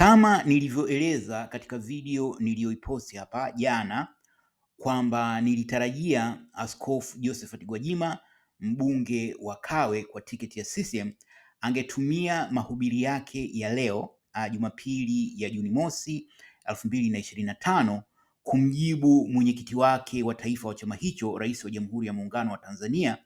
Kama nilivyoeleza katika video niliyoiposti hapa jana kwamba nilitarajia Askofu Josephat Gwajima mbunge wa Kawe kwa tiketi ya CCM angetumia mahubiri yake ya leo ah, Jumapili ya Juni mosi elfu mbili na ishirini na tano kumjibu mwenyekiti wake wa taifa wa chama hicho, Rais wa Jamhuri ya Muungano wa Tanzania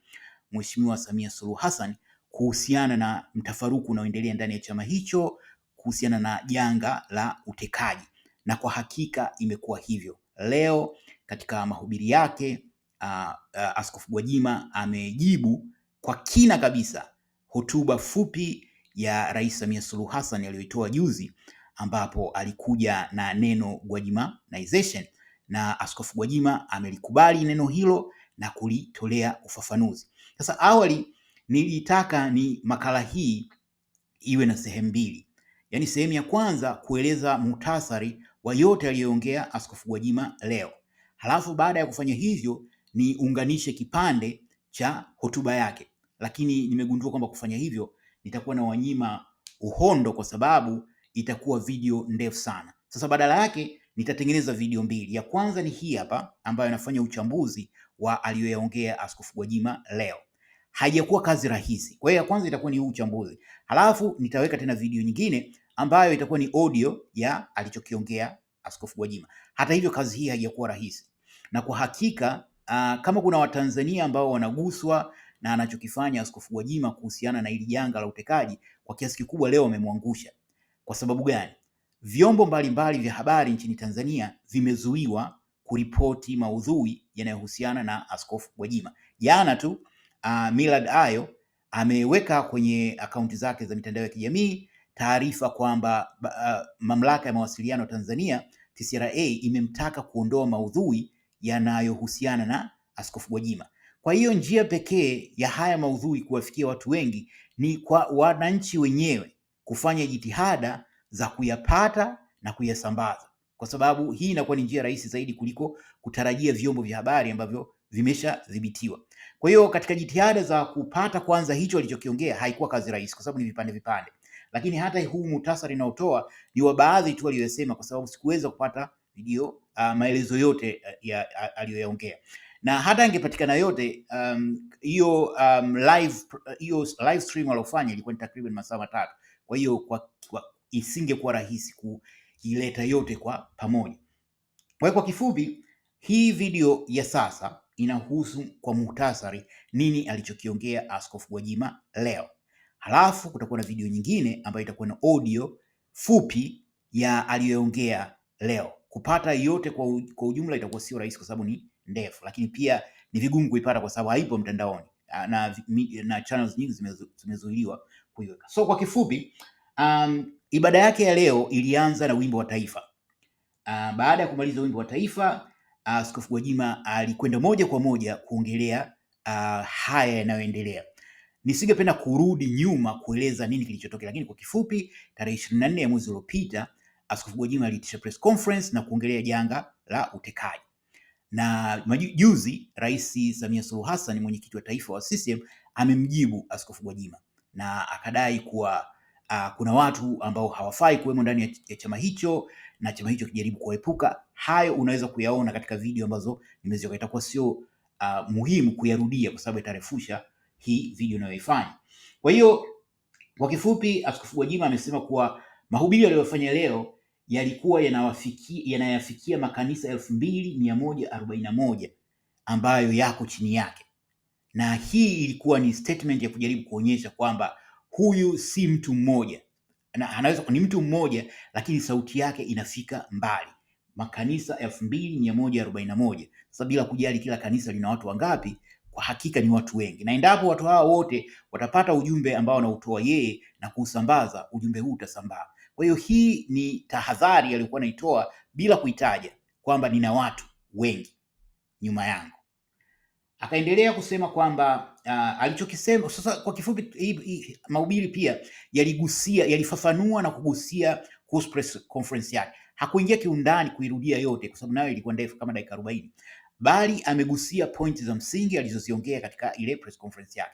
Mheshimiwa Samia Suluhu Hassan kuhusiana na mtafaruku unaoendelea ndani ya chama hicho kuhusiana na janga la utekaji, na kwa hakika imekuwa hivyo. Leo katika mahubiri yake uh, uh, Askofu Gwajima amejibu kwa kina kabisa hotuba fupi ya Rais Samia Suluhu Hassan aliyoitoa juzi, ambapo alikuja na neno Gwajimanization na Askofu Gwajima amelikubali neno hilo na kulitolea ufafanuzi. Sasa awali nilitaka ni makala hii iwe na sehemu mbili yaani sehemu ya kwanza kueleza muhtasari wa yote aliyoongea Askofu Gwajima leo, halafu baada ya kufanya hivyo niunganishe kipande cha hotuba yake, lakini nimegundua kwamba kufanya hivyo nitakuwa na wanyima uhondo kwa sababu itakuwa video ndefu sana. Sasa badala yake nitatengeneza video mbili. Ya kwanza ni hii hapa ambayo inafanya uchambuzi wa aliyoyaongea Askofu Gwajima leo. Haijakuwa kazi rahisi. Kwa hiyo ya kwanza itakuwa ni huu uchambuzi, halafu nitaweka tena video nyingine ambayo itakuwa ni audio ya alichokiongea Askofu Gwajima. Hata hivyo, kazi hii haijakuwa rahisi, na kwa hakika uh, kama kuna Watanzania ambao wanaguswa na anachokifanya Askofu Gwajima kuhusiana na hili janga la utekaji, kwa kiasi kikubwa leo wamemwangusha. Kwa sababu gani? Vyombo mbalimbali vya habari nchini Tanzania vimezuiwa kuripoti maudhui yanayohusiana na Askofu Gwajima. Jana tu uh, Millard Ayo ameweka kwenye akaunti zake za mitandao ya kijamii taarifa kwamba uh, mamlaka ya mawasiliano Tanzania TCRA imemtaka kuondoa maudhui yanayohusiana na Askofu Gwajima. Kwa hiyo njia pekee ya haya maudhui kuwafikia watu wengi ni kwa wananchi wenyewe kufanya jitihada za kuyapata na kuyasambaza, kwa sababu hii inakuwa ni njia rahisi zaidi kuliko kutarajia vyombo vya habari ambavyo vimeshadhibitiwa. Kwa hiyo katika jitihada za kupata kwanza hicho alichokiongea haikuwa kazi rahisi, kwa sababu ni vipande vipande lakini hata huu muhtasari naotoa ni wa baadhi tu aliyosema, kwa sababu sikuweza kupata video uh, maelezo yote uh, aliyoyaongea na hata angepatikana yote um, hiyo um, um, live hiyo live stream alofanya ilikuwa ni takriban masaa matatu, kwa hiyo kwa, kwa isingekuwa rahisi kuileta yote kwa pamoja. Kwa hiyo kwa kifupi, hii video ya sasa inahusu kwa muhtasari nini alichokiongea Askofu Gwajima leo halafu kutakuwa na video nyingine ambayo itakuwa na audio fupi ya aliyoongea leo. Kupata yote kwa, kwa ujumla itakuwa sio rahisi kwa sababu ni ndefu, lakini pia ni vigumu kuipata kwa sababu haipo mtandaoni na, na channels nyingi zimezuiliwa kuiweka. So kwa kifupi, um, ibada yake ya leo ilianza na wimbo wa taifa. Uh, baada ya kumaliza wimbo wa taifa uh, Askofu uh, Gwajima alikwenda uh, moja kwa moja kuongelea uh, haya yanayoendelea. Nisingependa kurudi nyuma kueleza nini kilichotokea, lakini kwa kifupi, tarehe 24 ya mwezi uliopita Askofu Gwajima aliitisha press conference na kuongelea janga la utekaji, na juzi Rais Samia Suluhu Hassan, mwenyekiti wa taifa wa CCM, amemjibu Askofu Gwajima na akadai kuwa uh, kuna watu ambao hawafai kuwemo ndani ya chama hicho na chama hicho kijaribu kuwaepuka. Hayo unaweza kuyaona katika video ambazo nimeziweka, itakuwa sio uh, muhimu kuyarudia kwa sababu itarefusha hii video unayoifanya. Kwa hiyo kwa kifupi, Askofu Gwajima amesema kuwa mahubiri aliyofanya leo yalikuwa yanayafikia makanisa elfu mbili mia moja arobaini na moja ambayo yako chini yake, na hii ilikuwa ni statement ya kujaribu kuonyesha kwamba huyu si mtu mmoja na anaweza ni mtu mmoja lakini sauti yake inafika mbali. Makanisa elfu mbili mia moja arobaini na moja. Sasa bila kujali kila kanisa lina watu wangapi, kwa hakika ni watu wengi, na endapo watu hawa wote watapata ujumbe ambao anautoa yeye na kuusambaza, ujumbe huu utasambaa. Kwa hiyo hii ni tahadhari aliyokuwa anaitoa bila kuitaja kwamba nina watu wengi nyuma yangu. Akaendelea kusema kwamba uh, alichokisema sasa kwa kifupi, mahubiri pia yaligusia, yalifafanua na kugusia kuhusu press conference yake. Hakuingia kiundani kuirudia yote, kwa sababu nayo ilikuwa ndefu kama dakika arobaini bali amegusia pointi za msingi alizoziongea katika ile press conference yake.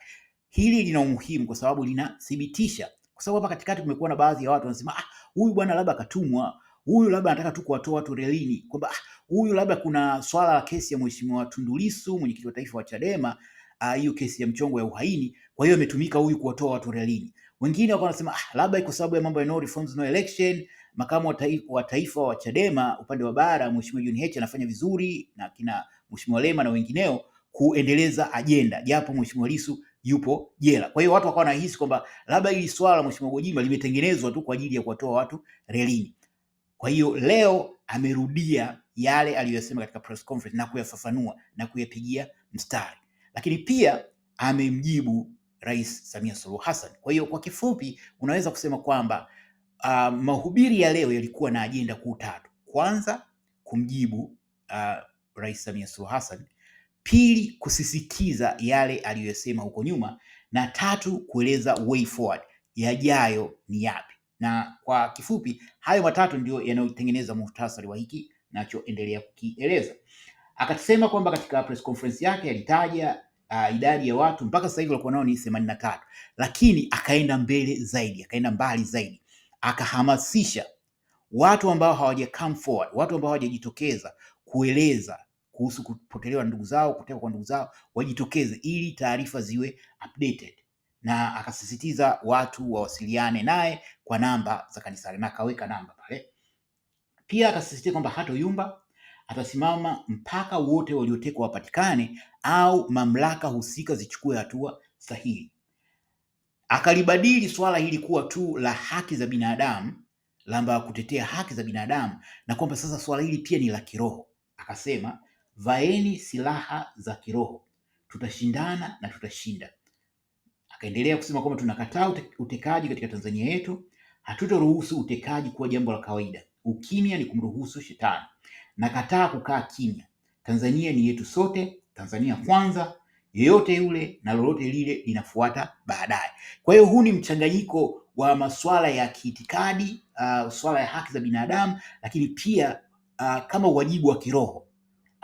Hili lina umuhimu kwa sababu linathibitisha, kwa sababu hapa katikati kumekuwa na baadhi ya watu wanasema, ah, huyu bwana labda akatumwa, huyu labda anataka tu kuwatoa watu relini, kwamba ah, huyu labda kuna swala la kesi ya mheshimiwa Tundu Lissu, mwenyekiti wa taifa wa Chadema, ah, hiyo uh, kesi ya mchongo ya uhaini, kwa hiyo ametumika huyu kuwatoa watu relini. Wengine wakawa wanasema ah, labda iko sababu ya mambo ya no reforms no election. Makamu wa taifa wa Chadema upande wa bara, mheshimiwa John Heche anafanya vizuri na kina Mheshimiwa Lema na wengineo kuendeleza ajenda, japo Mheshimiwa Lissu yupo jela. Kwa hiyo watu wakawa wanahisi kwamba labda hili swala la Mheshimiwa Gwajima limetengenezwa tu kwa ajili ya kuwatoa watu relini. Kwa hiyo leo amerudia yale aliyosema katika press conference na kuyafafanua na kuyapigia mstari, lakini pia amemjibu Rais Samia Suluhu Hassan. Kwa hiyo kwa kifupi, unaweza kusema kwamba uh, mahubiri ya leo yalikuwa na ajenda kuu tatu. Kwanza kumjibu uh, Rais Samia Suluhu Hassan, pili kusisitiza yale aliyosema huko nyuma, na tatu kueleza way forward, yajayo ni yapi. Na kwa kifupi, hayo matatu ndio yanayotengeneza muhtasari wa hiki nachoendelea kukieleza. Akasema kwamba katika press conference yake alitaja Uh, idadi ya watu mpaka sasa hivi walikuwa nao ni themanini na tatu, lakini akaenda mbele zaidi, akaenda mbali zaidi, akahamasisha watu ambao hawaja come forward, watu ambao hawajajitokeza kueleza kuhusu kupotelewa ndugu zao, kutekwa kwa ndugu zao, wajitokeze ili taarifa ziwe updated, na akasisitiza watu wawasiliane naye kwa namba za kanisa na akaweka namba pale. Pia akasisitiza kwamba hatoyumba, atasimama mpaka wote waliotekwa wapatikane au mamlaka husika zichukue hatua sahihi. Akalibadili swala hili kuwa tu la haki za binadamu lamba kutetea haki za binadamu na kwamba sasa swala hili pia ni la kiroho. Akasema vaeni silaha za kiroho, tutashindana na tutashinda. Akaendelea kusema kwamba tunakataa utekaji katika Tanzania yetu, hatutoruhusu utekaji kuwa jambo la kawaida. Ukimya ni kumruhusu shetani. Nakataa kukaa kimya. Tanzania ni yetu sote, Tanzania kwanza, yeyote yule na lolote lile linafuata baadaye. Kwa hiyo huu ni mchanganyiko wa masuala ya kiitikadi, uh, swala ya haki za binadamu, lakini pia uh, kama wajibu wa kiroho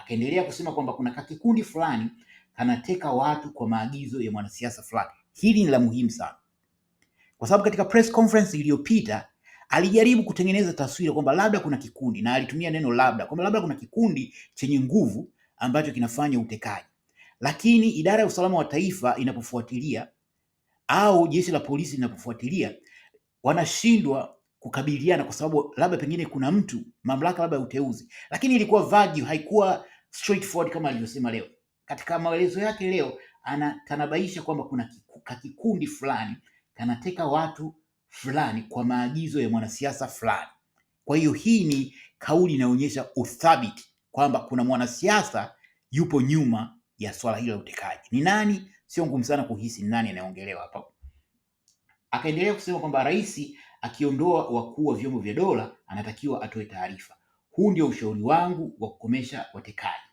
akaendelea kusema kwamba kuna kakikundi fulani kanateka watu kwa maagizo ya mwanasiasa fulani. Hili ni la muhimu sana, kwa sababu katika press conference iliyopita alijaribu kutengeneza taswira kwamba labda kuna kikundi, na alitumia neno labda, kwamba labda kuna kikundi chenye nguvu ambacho kinafanya utekaji, lakini idara ya usalama wa taifa inapofuatilia au jeshi la polisi linapofuatilia wanashindwa kukabiliana kwa sababu labda pengine kuna mtu mamlaka labda ya uteuzi, lakini ilikuwa vague, haikuwa straightforward kama alivyosema leo. Katika maelezo yake leo anatanabaisha kwamba kuna kakikundi fulani kanateka watu fulani kwa maagizo ya mwanasiasa fulani. Kwa hiyo hii ni kauli inaonyesha uthabiti kwamba kuna mwanasiasa yupo nyuma ya swala hilo la utekaji. Ni nani? Sio ngumu sana kuhisi ni nani anayeongelewa hapa. Akaendelea kusema kwamba rais akiondoa wakuu wa vyombo vya dola anatakiwa atoe taarifa. Huu ndio ushauri wangu wa kukomesha watekaji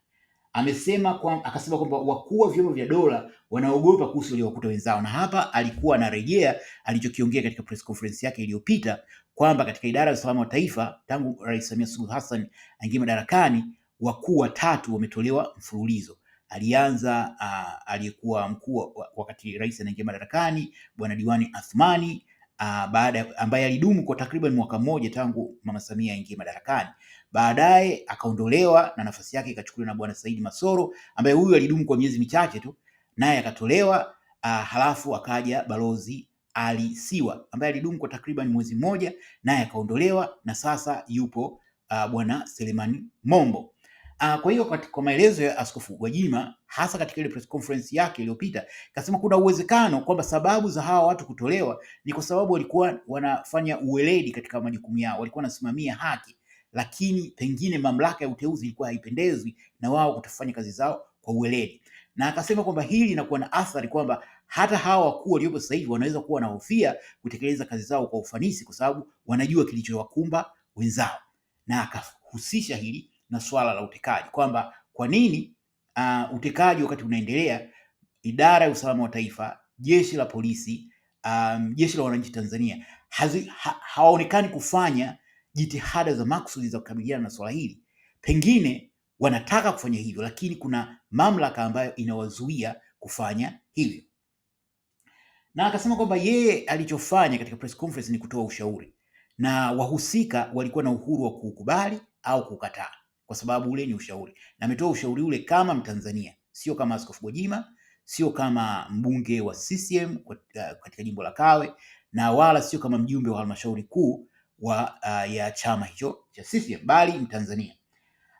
amesema kwa, akasema kwamba wakuu wa vyombo vya dola wanaogopa kuhusu waliowakuta wenzao, na hapa alikuwa anarejea alichokiongea katika press conference yake iliyopita kwamba katika idara ya usalama wa taifa tangu Rais Samia Suluhu Hassan aingie madarakani wakuu watatu wametolewa mfululizo. Alianza uh, aliyekuwa mkuu wakati rais anaingia madarakani Bwana Diwani Athmani uh, baada ambaye alidumu kwa takriban mwaka mmoja tangu Mama Samia aingie madarakani. Baadaye akaondolewa na nafasi yake ikachukuliwa na Bwana Saidi Masoro ambaye huyu alidumu kwa miezi michache tu, naye akatolewa. Uh, halafu akaja Balozi Ali Siwa ambaye alidumu kwa takriban mwezi mmoja, naye akaondolewa na sasa yupo uh, Bwana Selemani Mombo. Uh, kwa hiyo kwa maelezo ya Askofu Gwajima hasa katika ile press conference yake iliyopita, kasema kuna uwezekano kwamba sababu za hawa watu kutolewa ni kwa sababu walikuwa wanafanya uweledi katika majukumu yao, walikuwa wanasimamia haki, lakini pengine mamlaka ya uteuzi ilikuwa haipendezwi na wao kutofanya kazi zao kwa uweledi, na akasema kwamba hili linakuwa na athari kwamba hata hawa wakuu waliopo sasa hivi wanaweza kuwa wanahofia kutekeleza kazi zao kwa ufanisi, kwa sababu wanajua kilichowakumba wenzao, na akahusisha hili na swala la utekaji, kwamba kwa nini uh, utekaji wakati unaendelea, idara ya usalama wa taifa, jeshi la polisi, um, jeshi la wananchi Tanzania hawaonekani ha, kufanya jitihada za makusudi za kukabiliana na swala hili. Pengine wanataka kufanya hivyo, lakini kuna mamlaka ambayo inawazuia kufanya hivyo. Na akasema kwamba yeye alichofanya katika press conference ni kutoa ushauri na wahusika walikuwa na uhuru wa kuukubali au kukataa kwa sababu ule ni ushauri, na ametoa ushauri ule kama Mtanzania, sio kama Askofu Gwajima, sio kama mbunge wa CCM uh, katika jimbo la Kawe, na wala sio kama mjumbe wa halmashauri kuu wa uh, ya chama hicho cha CCM, bali Mtanzania.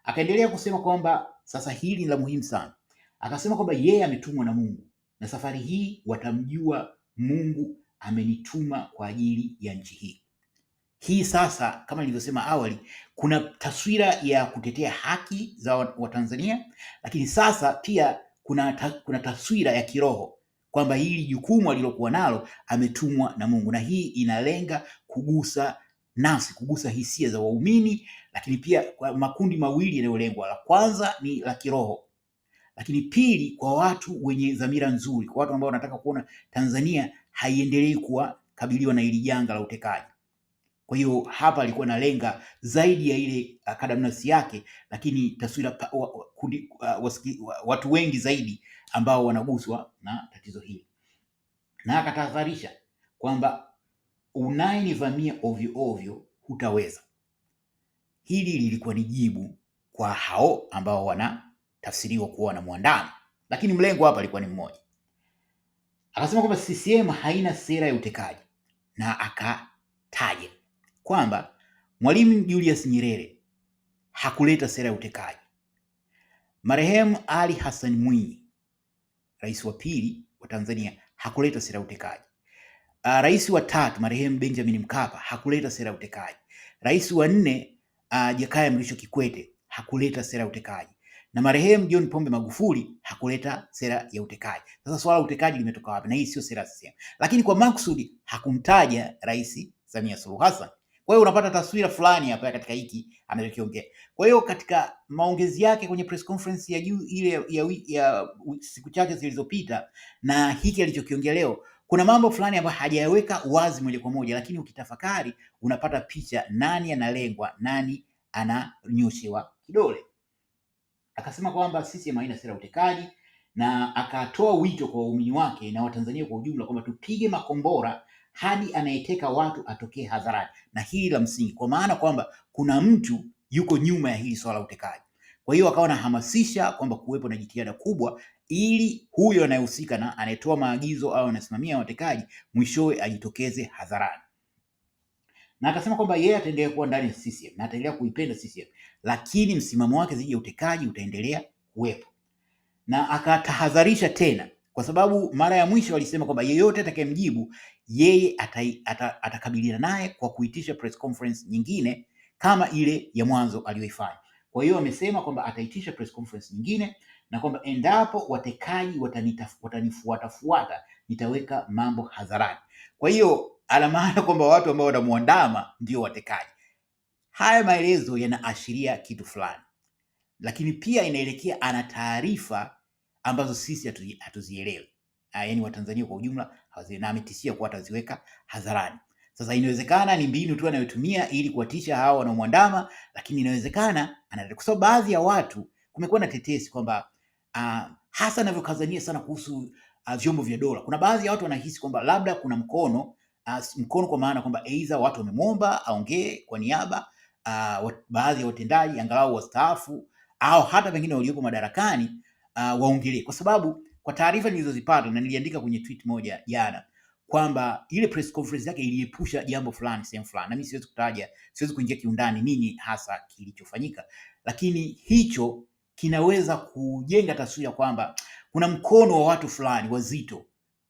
Akaendelea kusema kwamba sasa hili ni la muhimu sana. Akasema kwamba yeye ametumwa na Mungu na safari hii watamjua Mungu amenituma kwa ajili ya nchi hii. Hii sasa, kama nilivyosema awali, kuna taswira ya kutetea haki za Watanzania, lakini sasa pia kuna, ta, kuna taswira ya kiroho kwamba hili jukumu alilokuwa nalo ametumwa na Mungu, na hii inalenga kugusa nafsi, kugusa hisia za waumini, lakini pia kwa makundi mawili yanayolengwa. La kwanza ni la kiroho, lakini pili kwa watu wenye dhamira nzuri, kwa watu ambao wanataka kuona Tanzania haiendelei kuwa kabiliwa na hili janga la utekaji. Kwa hiyo hapa alikuwa analenga zaidi ya ile uh, kadamnasi yake, lakini taswira wa, wa, kundi, wa, uh, wasiki, wa, watu wengi zaidi ambao wanaguswa na tatizo hili, na akatahadharisha kwamba unayenivamia ovyo ovyo hutaweza. Hili lilikuwa ni jibu kwa hao ambao wanatafsiriwa kuwa na mwandani, lakini mlengo hapa alikuwa ni mmoja. Akasema kwamba CCM haina sera ya utekaji na akataja kwamba Mwalimu Julius Nyerere hakuleta sera ya utekaji. Marehemu Ali Hassan Mwinyi, rais wa pili wa Tanzania, hakuleta sera ya utekaji. Uh, rais wa tatu marehemu Benjamin Mkapa hakuleta sera ya utekaji. Rais wa nne uh, Jakaya Mrisho Kikwete hakuleta sera ya utekaji na marehemu John Pombe Magufuli hakuleta sera ya utekaji. Sasa swala utekaji limetoka wapi? Na hii sio sera ya lakini kwa makusudi hakumtaja Rais Samia Suluhu Hassan kwa hiyo unapata taswira fulani hapa katika hiki anachokiongea. Kwa hiyo katika maongezi yake kwenye press conference ya juu ile ya, ya, ya siku chache zilizopita na hiki alichokiongea leo, kuna mambo fulani ambayo hajayaweka wazi moja kwa moja, lakini ukitafakari unapata picha nani analengwa, nani ananyoshewa kidole. Akasema kwamba CCM haina sera utekaji na akatoa wito kwa waumini wake na Watanzania kwa ujumla kwamba tupige makombora hadi anayeteka watu atokee hadharani, na hili la msingi, kwa maana kwamba kuna mtu yuko nyuma ya hili swala la utekaji. Kwa hiyo akawa anahamasisha kwamba kuwepo na jitihada kubwa ili huyo anayehusika na anayetoa maagizo au anasimamia watekaji mwishowe ajitokeze hadharani, na akasema kwamba yeye ataendelea kuwa ndani ya CCM na ataendelea kuipenda CCM, lakini msimamo wake dhidi ya utekaji utaendelea kuwepo, na akatahadharisha tena kwa sababu mara ya mwisho walisema kwamba yeyote atakayemjibu yeye atakabiliana ata, ata naye kwa kuitisha press conference nyingine kama ile ya mwanzo aliyoifanya. Kwa hiyo wamesema kwamba ataitisha press conference nyingine na kwamba endapo watekaji watanifuatafuata nitaweka mambo hadharani. Kwa hiyo maana kwamba watu ambao wanamuandama ndio watekaji. Haya maelezo yanaashiria kitu fulani, lakini pia inaelekea ana taarifa ambazo sisi hatuzielewi, ah, yaani Watanzania kwa ujumla na ametishia kuwa ataziweka hadharani. Sasa inawezekana ni mbinu tu anayotumia ili kuwatisha hawa wanaomwandama, lakini inawezekana ana, kwa sababu baadhi ya watu kumekuwa na tetesi kwamba uh, hasa anavyokazania sana kuhusu uh, vyombo vya dola, kuna baadhi ya watu wanahisi kwamba labda kuna mkono uh, mkono kwa maana kwamba aidha watu wamemwomba aongee kwa niaba uh, baadhi ya watendaji angalau wastaafu au hata pengine waliopo madarakani uh, waongelee, kwa sababu kwa taarifa nilizozipata na niliandika kwenye tweet moja jana kwamba ile press conference yake iliepusha jambo fulani sehemu fulani, na mimi siwezi kutaja, siwezi kuingia kiundani nini hasa kilichofanyika, lakini hicho kinaweza kujenga taswira kwamba kuna mkono wa watu fulani wazito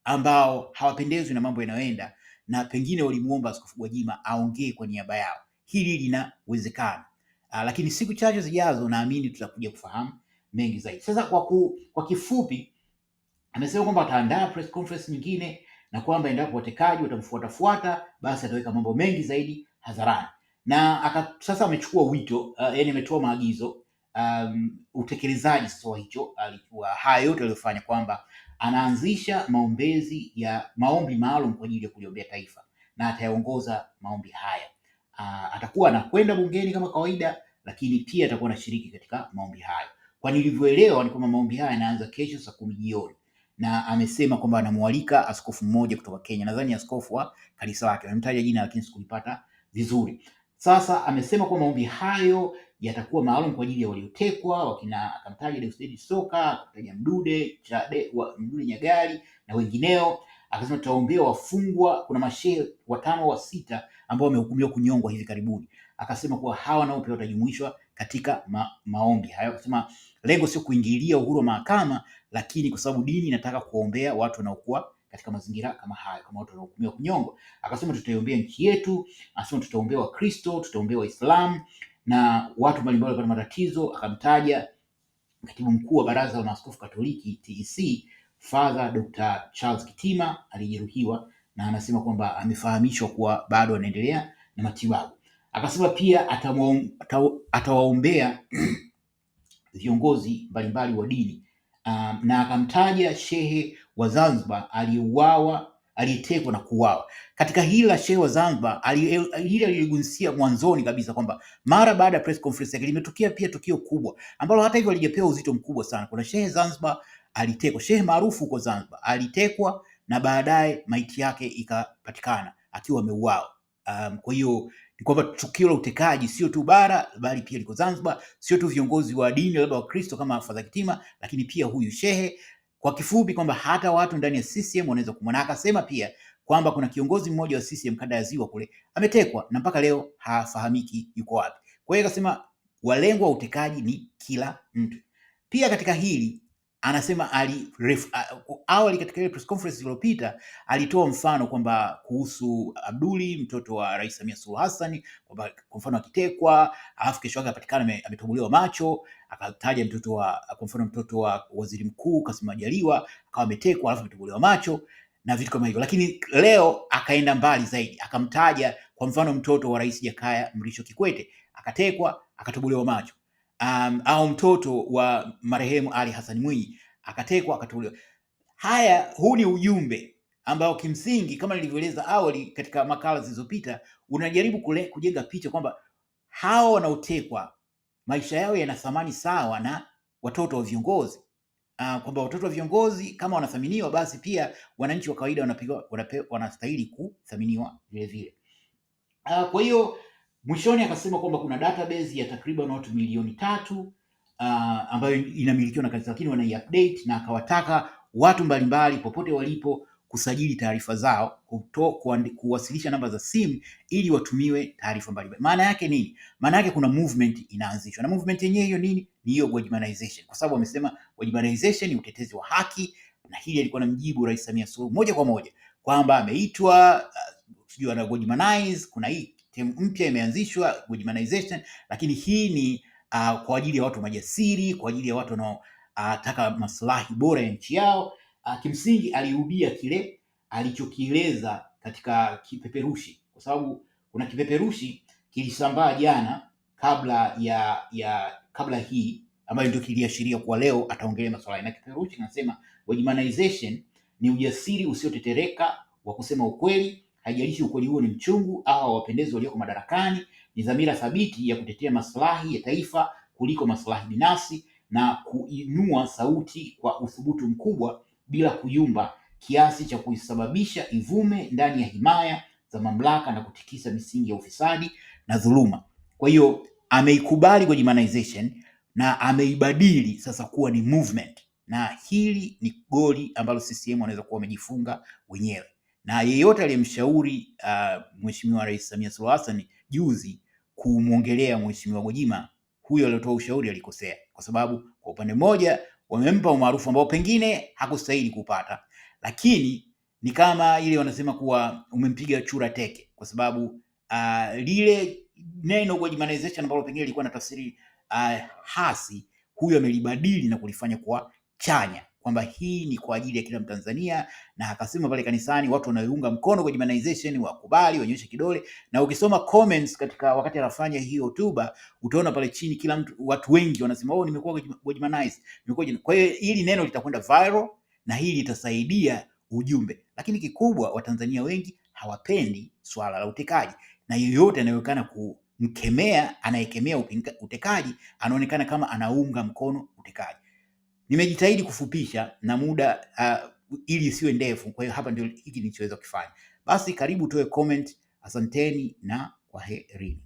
ambao hawapendezwi na mambo yanayoenda, na pengine walimuomba Askofu Gwajima aongee kwa niaba yao. Hili linawezekana, uh, lakini siku chache zijazo naamini tutakuja kufahamu mengi zaidi. Sasa kwa, ku, kwa kifupi amesema kwamba ataandaa press conference nyingine na kwamba endapo watekaji watamfuatafuata basi ataweka mambo mengi zaidi hadharani na aka, sasa amechukua wito uh, yani ametoa maagizo um, utekelezaji sasa wa hicho alikuwa haya yote aliyofanya kwamba anaanzisha maombezi ya maombi maalum kwa ajili ya kuliombea taifa na atayaongoza maombi haya. Uh, atakuwa anakwenda bungeni kama kawaida, lakini pia atakuwa anashiriki katika maombi haya. Kwa nilivyoelewa ni kwamba maombi haya yanaanza kesho saa kumi jioni, na amesema kwamba anamwalika askofu mmoja kutoka Kenya, nadhani askofu wa kanisa lake, amemtaja jina lakini sikulipata vizuri. Sasa amesema kwa maombi hayo yatakuwa maalum kwa ajili ya waliotekwa wakina, akamtaja Deusdedith Soka, akamtaja Mdude Chade, wa, Mdude Nyagali na wengineo. Akasema tutaombea wafungwa, kuna mashehe watano wa sita ambao wamehukumiwa kunyongwa hivi karibuni. Akasema kuwa hawa nao pia watajumuishwa katika ma, maombi hayo. Akasema Lengo sio kuingilia uhuru wa mahakama, lakini kwa sababu dini inataka kuombea watu wanaokuwa katika mazingira kama haya, kama watu wanaohukumiwa kunyongwa. Akasema tutaiombea nchi yetu, anasema tutaombea Wakristo, tutaombea Waislamu na watu mbalimbali walipata matatizo. Akamtaja katibu mkuu wa Baraza la Maaskofu Katoliki TEC Father Dr. Charles Kitima alijeruhiwa na anasema kwamba amefahamishwa kuwa bado anaendelea na matibabu. Akasema pia atawaombea viongozi mbalimbali wa dini um, na akamtaja shehe wa Zanzibar aliyeuawa aliyetekwa na kuuawa. Katika hili la shehe wa Zanzibar, hili aliligusia mwanzoni kabisa kwamba mara baada ya press conference yake limetokea pia tukio kubwa ambalo hata hivyo alijapewa uzito mkubwa sana. Kuna shehe Zanzibar alitekwa, shehe maarufu huko Zanzibar alitekwa na baadaye maiti yake ikapatikana akiwa ameuawa. Um, kwa hiyo ni kwamba tukio la utekaji sio tu bara bali pia liko Zanzibar, sio tu viongozi wa dini labda Wakristo kama Fadha Kitima, lakini pia huyu shehe. Kwa kifupi kwamba hata watu ndani ya CCM wanaweza kumwona. Akasema pia kwamba kuna kiongozi mmoja wa CCM kanda ya Ziwa kule ametekwa na mpaka leo hafahamiki yuko wapi. Kwa hiyo akasema walengwa wa utekaji ni kila mtu. Pia katika hili anasema ali ref, awali katika ile press conference iliyopita alitoa mfano kwamba kuhusu Abduli mtoto wa Rais Samia Suluhu Hassan kwamba kwa mfano akitekwa alafu kesho yake apatikana ametobolewa macho, akataja mtoto wa kwa mfano mtoto wa waziri mkuu Kassim Majaliwa akawa ametekwa alafu ametobolewa macho na vitu kama hivyo, lakini leo akaenda mbali zaidi, akamtaja kwa mfano mtoto wa Rais Jakaya Mrisho Kikwete akatekwa akatobolewa macho um, au mtoto wa marehemu Ali Hassan Mwinyi akatekwa akatolewa. Haya, huu ni ujumbe ambao kimsingi kama nilivyoeleza awali katika makala zilizopita, unajaribu kule, kujenga picha kwamba hao wanaotekwa maisha yao yana thamani sawa na watoto wa viongozi uh, kwamba watoto wa viongozi kama wanathaminiwa, basi pia wananchi wa kawaida wanastahili kuthaminiwa vilevile. Uh, ah, kwa hiyo Mwishoni akasema kwamba kuna database ya takriban watu milioni tatu uh, ambayo inamilikiwa na kanisa lakini wanai update, na akawataka watu mbalimbali popote walipo kusajili taarifa zao, kuto, kuandi, kuwasilisha namba za simu ili watumiwe taarifa mbalimbali. Maana yake nini? Maana yake kuna movement inaanzishwa, na movement yenyewe hiyo nini? Ni hiyo Gwajimanization, kwa sababu wamesema Gwajimanization ni utetezi wa haki, na hili alikuwa na mjibu Rais Samia Suluhu moja kwa moja kwamba ameitwa uh, sijui ana Gojimanize, kuna hii timu mpya imeanzishwa Gudmanization, lakini hii ni uh, kwa ajili ya watu majasiri, kwa ajili ya watu wanaotaka ah, uh, maslahi bora ya nchi yao. Uh, kimsingi alirudia kile alichokieleza katika kipeperushi, kwa sababu kuna kipeperushi kilisambaa jana kabla ya ya kabla hii ambayo ndio kiliashiria kuwa leo ataongelea masuala na kipeperushi kinasema Gudmanization ni ujasiri usiotetereka wa kusema ukweli haijalishi ukweli huo ni mchungu au wapendezi walioko madarakani, ni dhamira thabiti ya kutetea maslahi ya taifa kuliko maslahi binafsi na kuinua sauti kwa uthubutu mkubwa bila kuyumba, kiasi cha kuisababisha ivume ndani ya himaya za mamlaka na kutikisa misingi ya ufisadi na dhuluma. Kwa hiyo ameikubali demonization na ameibadili sasa kuwa ni movement, na hili ni goli ambalo CCM wanaweza kuwa wamejifunga wenyewe na yeyote aliyemshauri uh, Mheshimiwa Rais Samia Suluhu Hassan juzi kumwongelea Mheshimiwa Gwajima, huyo aliyotoa ushauri alikosea, kwa sababu kwa upande mmoja wamempa umaarufu ambao pengine hakustahili kupata, lakini ni kama ile wanasema kuwa umempiga chura teke, kwa sababu uh, lile neno Gwajimanization ambalo pengine lilikuwa na tafsiri uh, hasi, huyo amelibadili na kulifanya kuwa chanya kwamba hii ni kwa ajili ya kila Mtanzania, na akasema pale kanisani watu wanaiunga mkono kwa humanization wakubali, wanyoshe kidole. Na ukisoma comments katika wakati anafanya hii hotuba, utaona pale chini kila mtu, watu wengi wanasema oh, nimekuwa humanized, nimekuwa. Kwa hiyo hili neno litakwenda viral na hili litasaidia ujumbe, lakini kikubwa, Watanzania wengi hawapendi swala la utekaji na yeyote anayewekana ku mkemea anayekemea utekaji anaonekana kama anaunga mkono utekaji. Nimejitahidi kufupisha na muda uh, ili isiwe ndefu. Kwa hiyo hapa ndio hiki nilichoweza kufanya. Basi karibu tuwe comment. Asanteni na kwaherini.